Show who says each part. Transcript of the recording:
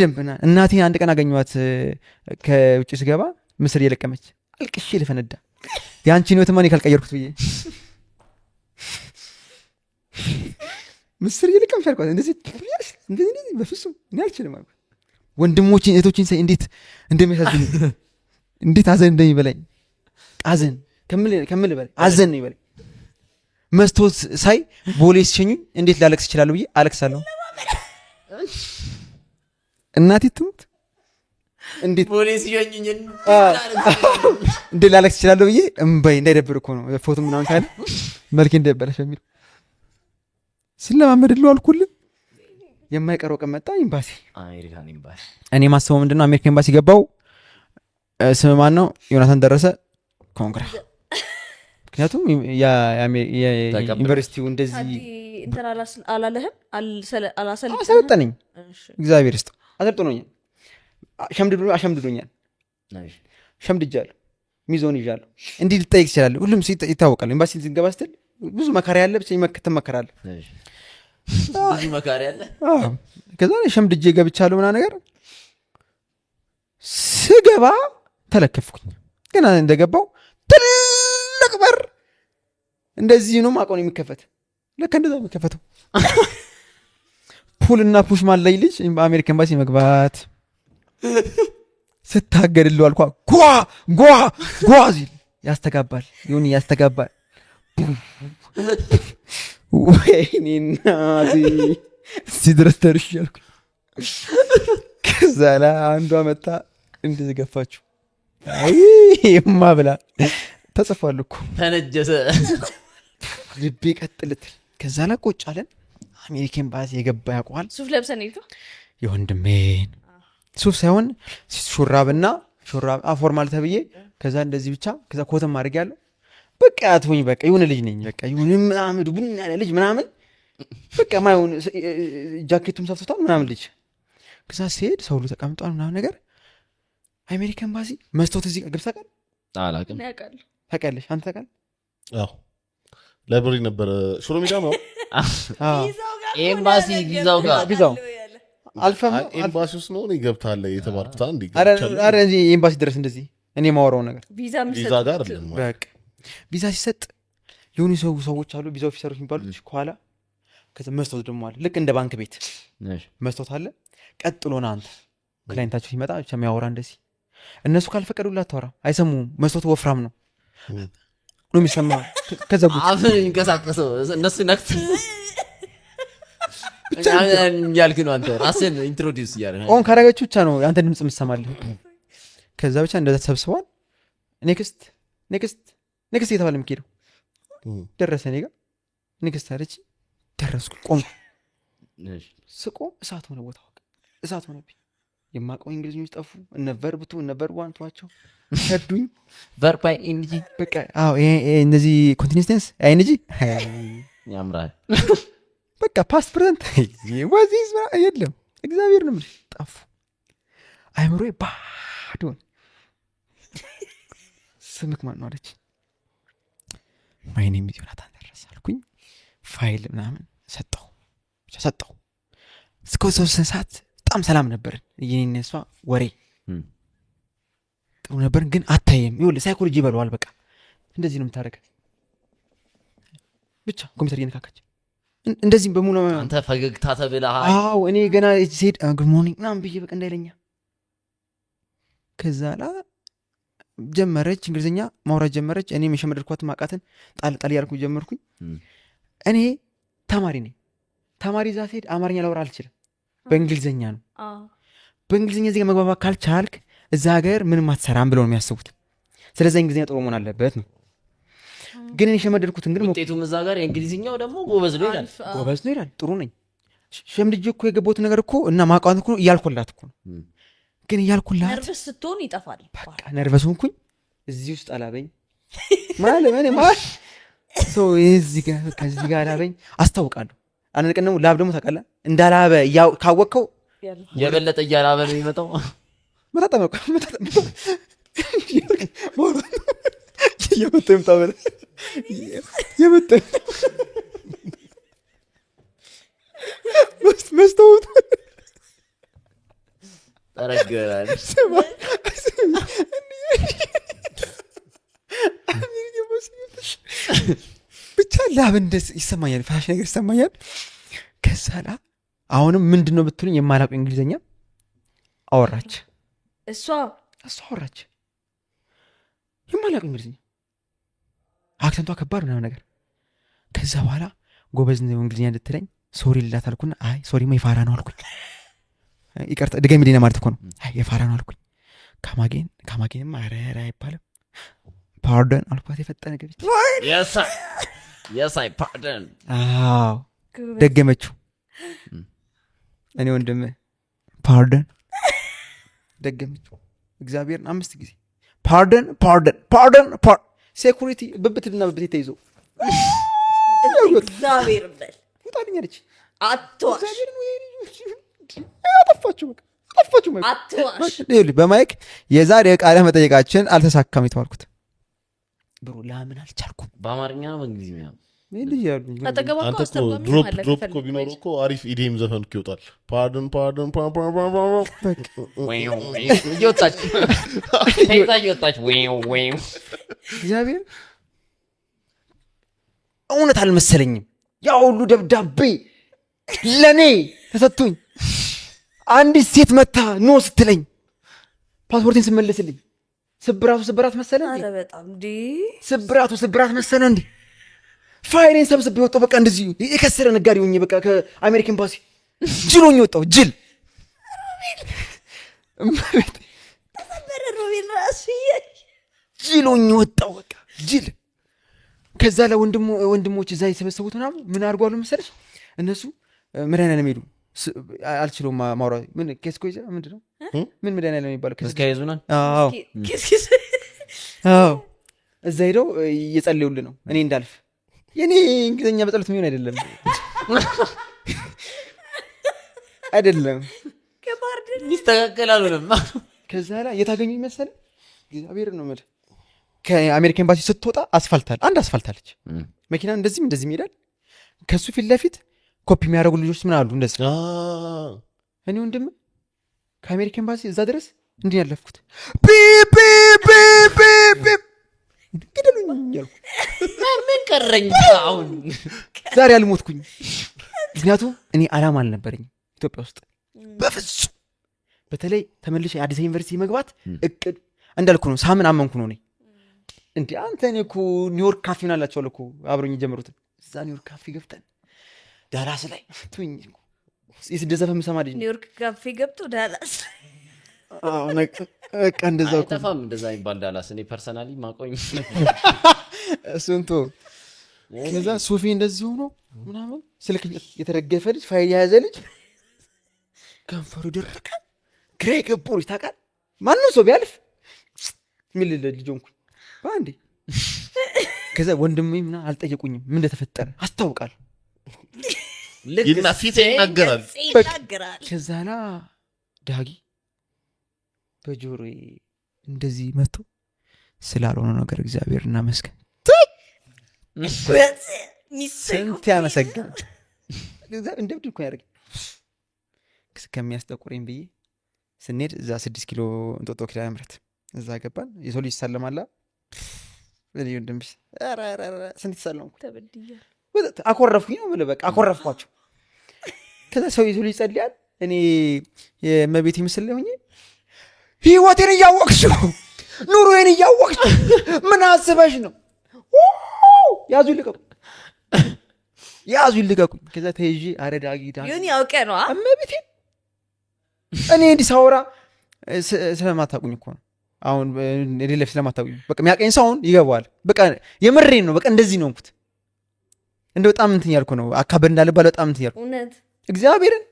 Speaker 1: በደንብ እናቴን አንድ ቀን አገኘኋት ከውጭ ስገባ ምስር እየለቀመች አልቅሼ ልፈነዳ የአንቺን ህይወትማ እኔ ካልቀየርኩት ብዬ ምስር እየለቀመች አልኳት። እንደዚህ በፍጹም እኔ አልችልም አልኳት። ወንድሞችን እህቶችን ሳይ እንዴት እንደሚያሳዝን እንዴት አዘን እንደሚበላኝ አዘን ከምል በላይ አዘን ነው ይበላኝ። መስቶት ሳይ ቦሌ ሲሸኙኝ እንዴት ላለቅስ ይችላሉ ብዬ አለቅሳለሁ። እናቴ ትሙት እንዴት ላለቅስ እችላለሁ ብዬ እምበይ እንዳይደብር እኮ ነው ፎቶ ምናምን ካለ መልኬ እንዳይበላሽ በሚል ስለማመድሉ ሉ አልኩልን የማይቀረው ቀን መጣ። ኤምባሲ እኔ ማስበው ምንድነው አሜሪካ ኤምባሲ ገባው። ስም ማን ነው? ዮናታን ደረሰ ኮንግራ። ምክንያቱም ዩኒቨርሲቲው እንደዚህ አላለህም አላሰለጠነኝ እግዚአብሔር ይስጥ አሰልጥኖኛል፣ አሸምድዶኛል፣ ሸምድጃለሁ፣ ሚዞን ይዣለሁ። እንዲህ ልጠይቅ ይችላል። ሁሉም ይታወቃል። ኤምባሲ ሲገባ ስትል ብዙ መካሪ ያለ ትመከራለህ። ከዛ ሸምድጄ ገብቻለሁ ምና ነገር ስገባ ተለከፍኩኝ። ገና እንደገባው ትልቅ በር እንደዚህ ነው ማቆን የሚከፈት ለከ እንደዛ የሚከፈተው ፑል እና ፑሽ ማለይ ልጅ በአሜሪካ ኤምባሲ መግባት ስታገድለው አልኳ ጓ ጓ ጓ ሲል ያስተጋባል ይሁን ያስተጋባል። ወይኔ እናቴ እስኪ ድረስ ተርሻልኩ። ከዛ ላይ አንዷ መታ እንደዚህ ገፋችሁ የማ ብላ ተጽፏል እኮ ተነጀሰ ልቤ ቀጥልትል ከዛ ላይ ቆጫለን አሜሪካ ኤምባሲ የገባ ያውቋል ሱፍ ለብሰን ሄዱ። የወንድሜን ሱፍ ሳይሆን ሹራብና ሹራብ ፎርማል ተብዬ ከዛ እንደዚህ ብቻ ከዛ ኮተም አድርግ ያለው በቃ አትሆኝ በቃ የሆነ ልጅ ነኝ በቃ የሆነ ምናምን ቡና ያለ ልጅ ምናምን በቃ ማይሆን ጃኬቱም ሰፍቶታል ምናምን ልጅ ከዛ ሲሄድ ሰው ሁሉ ተቀምጧል ምናምን ነገር አሜሪካ ኤምባሲ መስቶት እዚህ ግብ ታውቃለህ? አላቅም ታውቂያለሽ አንተ
Speaker 2: ታውቃለህ? ለብሪ ነበረ ሹሮ ሚዳ ነው
Speaker 3: ኤምባሲ ቪዛው ጋር
Speaker 1: ቪዛው ኤምባሲ ውስጥ ነው ይገብታለ የተባልኩት። አንድ ኤምባሲ ድረስ እንደዚህ እኔ የማወራው ነገር
Speaker 4: ቪዛ
Speaker 2: ጋር
Speaker 1: ቪዛ ሲሰጥ የሆኑ ሰው ሰዎች አሉ ቪዛ ኦፊሰሮች የሚባሉት ከኋላ መስታወት ደግሞ አለ። ልክ እንደ ባንክ ቤት መስታወት አለ። ቀጥሎ ና አንተ ክላይንታቸው ሲመጣ ብቻ የሚያወራ እንደዚህ እነሱ ካልፈቀዱላት ታወራ አይሰሙም። መስታወት ወፍራም ነው ነው የሚሰማ ከዘጉ
Speaker 3: አፍ የሚንቀሳቀሰው እነሱ ነክት ያልክ ነው አንተ ራስን ኢንትሮዲውስ
Speaker 1: እያለ ካረገች ብቻ ነው አንተ ድምፅ የምትሰማልህ። ከዛ ብቻ እንደዛ ተሰብስቧል። ኔክስት ኔክስት ኔክስት እየተባለ የሚሄደው ደረሰ። እኔ ጋ ኔክስት አለች። ደረስኩ። ቆም ስቆም እሳት ሆነ፣ ቦታ እሳት ሆነብኝ። የማቀው እንግሊዝኞች ጠፉ። እነ ቨርብቱ እነ ቨርቡ አንቷቸው
Speaker 3: ከዱኝ። ቨርብ አይ ኤን
Speaker 1: እነዚህ ኮንቲኒስ ቴንስ ያምራል። በቃ ፓስት ፕረዘንት ወዚዝ የለም እግዚአብሔር ነው ጠፉ አይምሮ ባዶ ስምክ ማን አለች ማይን ሚትዮናታን ደረስ አልኩኝ ፋይል ምናምን ሰጠው ሰጠው እስከ ሰብስን ሰዓት በጣም ሰላም ነበርን እየኔነሷ ወሬ ጥሩ ነበርን ግን አታየም ይሁል ሳይኮሎጂ ይበለዋል በቃ እንደዚህ ነው የምታደረገ ብቻ ኮምፒተር እየነካካች እንደዚህ በሙሉ
Speaker 3: አንተ ፈገግታ ተብለሃል
Speaker 1: እኔ ገና ሴድ ሞርኒንግ ምናምን ብዬ በቃ እንዳይለኛ ከዛ ላ ጀመረች እንግሊዝኛ ማውራት ጀመረች እኔ መሸመደድኳት ማቃትን ጣል ጣል እያልኩ ጀመርኩኝ እኔ ተማሪ ነኝ ተማሪ እዛ ስሄድ አማርኛ ላወራ አልችልም በእንግሊዝኛ ነው በእንግሊዝኛ ዜጋ መግባባት ካልቻልክ እዛ ሀገር ምንም አትሰራም ብለው ነው የሚያስቡት ስለዚ እንግሊዝኛ ጥሩ መሆን አለበት ነው ግን የሸመደድኩትን ግን
Speaker 3: ውጤቱም እዛ ጋር የእንግሊዝኛው ደግሞ ጎበዝ ነው ይላል፣
Speaker 1: ጎበዝ ነው ይላል። ጥሩ ነኝ ሸምድጄ እኮ የገባሁት ነገር እኮ እና ማቋት እኮ እያልኩላት እኮ ነው። ግን እያልኩላት
Speaker 4: ስትሆን ይጠፋል።
Speaker 1: በቃ ነርቨስ ሆንኩኝ። እዚህ ውስጥ አላበኝ ማለት እኔ ማለት እዚህ ጋር ከዚህ ጋር አላበኝ አስታውቃለሁ። አንድ ቀን ደግሞ ላብ ደግሞ ታውቃለህ እንዳላበ ካወቅከው
Speaker 3: የበለጠ እያላበ ነው የሚመጣው።
Speaker 1: መጣጠመ መጣጠመ መስታወቱ
Speaker 3: ጠረገናል።
Speaker 1: ብቻ ላብ እንደ ይሰማኛል፣ ፋሽ ነገር ይሰማኛል። ከዛ አሁንም ምንድን ነው ብትሉኝ የማላቁ እንግሊዝኛ አወራች። እሷ እሷ አወራች የማላውቀው እንግሊዝኛ አክሰንቷ ከባድ ምናምን ነገር። ከዛ በኋላ ጎበዝ እንግሊዝኛ እንድትለኝ ሶሪ ልላት አልኩና አይ ሶሪ የፋራ ነው አልኩኝ። ይቀርታ ድገሚ ሊና ማለት እኮ ነው። አይ የፋራ ነው አልኩኝ። ካማጌን ካማጌንም አረራ አይባልም ፓርደን አልኳት። የፈጠነ
Speaker 3: ገቢች ፓርደን
Speaker 1: ደገመችው። እኔ ወንድም ፓርደን ደገመችው። እግዚአብሔርን አምስት ጊዜ ፓርደን ፓርደን ፓርደን ሴኩሪቲ ብብትና ብብት የተይዘው
Speaker 4: እግዚአብሔር
Speaker 1: በማይክ የዛሬ ቃለ መጠየቃችን አልተሳካም የተባልኩት
Speaker 3: ብሩ ለምን አልቻልኩም? በአማርኛ ነው በእንግሊዝኛ
Speaker 2: እኮ አሪፍ ዘፈን ይወጣል።
Speaker 3: እየወጣች እግዚአብሔር
Speaker 1: እውነት አልመሰለኝም። ያ ሁሉ ደብዳቤ ለእኔ ተሰጥቶኝ አንዲት ሴት መታ ኖ ስትለኝ ፓስፖርቴን ስመልስልኝ ስብራቱ ስብራት መሰለ ስብራቱ ስብራት መሰለ እንዴ ፋይሌን ሰብስቤ ወጣሁ። በቃ እንደዚህ የከሰረ ነጋዴ ሆኜ በቃ ከአሜሪካ ኤምባሲ ጅል ሆኜ ወጣሁ። ጅል ሮቤል ጅሎኝ ወጣው በቃ ጅል። ከዛ ለወንድሞች እዛ የሰበሰቡት ምናምን ምን አድርጓሉ መሰለሽ እነሱ መድኃኒዓለም ሄዱ። አልችለውም ማውራት። ምን ኬስኮ ይዘ ምንድን ነው ምን መድኃኒዓለም የሚባለው
Speaker 3: ከያዙናል
Speaker 1: እዛ ሄደው እየጸለዩልህ ነው እኔ እንዳልፍ። የኔ እንግሊዝኛ በጸሎት የሚሆን አይደለም አይደለም
Speaker 3: ይስተካከላሉ።
Speaker 1: ከዛ ላይ የታገኙ ይመሰል እግዚአብሔር ነው መድህ ከአሜሪካ ኤምባሲ ስትወጣ አስፋልት አለ። አንድ አስፋልት አለች። መኪና እንደዚህም እንደዚህ ይሄዳል። ከእሱ ፊት ለፊት ኮፒ የሚያደረጉ ልጆች ምን አሉ እንደዚህ። እኔ ወንድም ከአሜሪካ ኤምባሲ እዛ ድረስ እንዲህ ያለፍኩት
Speaker 4: ምን ቀረኝ? አሁን
Speaker 1: ዛሬ አልሞትኩኝ። ምክንያቱም እኔ አላማ አልነበረኝ ኢትዮጵያ ውስጥ በፍጹም በተለይ ተመልሼ አዲስ ዩኒቨርሲቲ መግባት እቅድ እንዳልኩ ነው። ሳምን አመንኩ ነው ነኝ እንዲ አንተ እኔ እኮ ኒውዮርክ ካፌ ናላቸው አላቸዋል እኮ አብረኝ የጀመሩትን እዛ ኒውዮርክ ካፌ ገብተን ዳላስ ላይ ትኝ የስደት ዘፈን የምሰማ ልጅ
Speaker 4: ኒውዮርክ ካፌ ገብቶ ዳላስ
Speaker 1: በቃ እንደዛ
Speaker 3: ጠፋም እንደዛ የሚባል ዳላስ እኔ ፐርሰናሊ ማቆኝ
Speaker 1: እሱንቶ ከዛ ሱፊ እንደዚህ ሆኖ ምናምን ስልክ የተረገፈ ልጅ ፋይል የያዘ ልጅ ከንፈሩ ደረቀ ግራ የገቡ ልጅ ታውቃለህ ማንም ሰው ቢያልፍ የሚል ልጅ ሆንኩኝ በአንዴ ከዚ ወንድም ምና አልጠየቁኝም ምን እንደተፈጠረ አስታውቃል
Speaker 3: ፊት ይናገራል
Speaker 1: ከዛላ ዳጊ በጆሮ እንደዚህ መጥቶ ስላልሆነ ነገር እግዚአብሔር እናመስገን ስንት ያመሰግን እንደ እኮ ያደርግ ከሚያስጠቁረኝ ብዬ ስንሄድ እዛ ስድስት ኪሎ እንጦጦ ኪዳነ ምረት እዛ ገባን የሰው ልጅ ሳለማላ ወንድምሽ ስንት ሰለምኩ አኮረፍኩኝ ነው የምልህ። በቃ አኮረፍኳቸው። ከዛ ሰው ይዞ ይጸልያል። እኔ የመቤት ምስል ላይ ሆኜ ህይወቴን እያወቅሽው ኑሮዬን እያወቅሽ ምን አስበሽ ነው? ያዙ ይልቀቁ፣ ያዙ ይልቀቁኝ። ከዛ ተይዤ አረዳጊዳ ያውቀ ነው እኔ እንዲህ ሳውራ ስለማታቁኝ እኮ ነው አሁን እኔ ለፊት ለማታውቁ በቃ የሚያቀኝ ሰው አሁን ይገባዋል። በቃ የምሬን ነው። በቃ እንደዚህ ነው እንኩት እንደ በጣም እንትን ያልኩ ነው አካበድ እንዳለባለ በጣም እንትን ያልኩ እግዚአብሔርን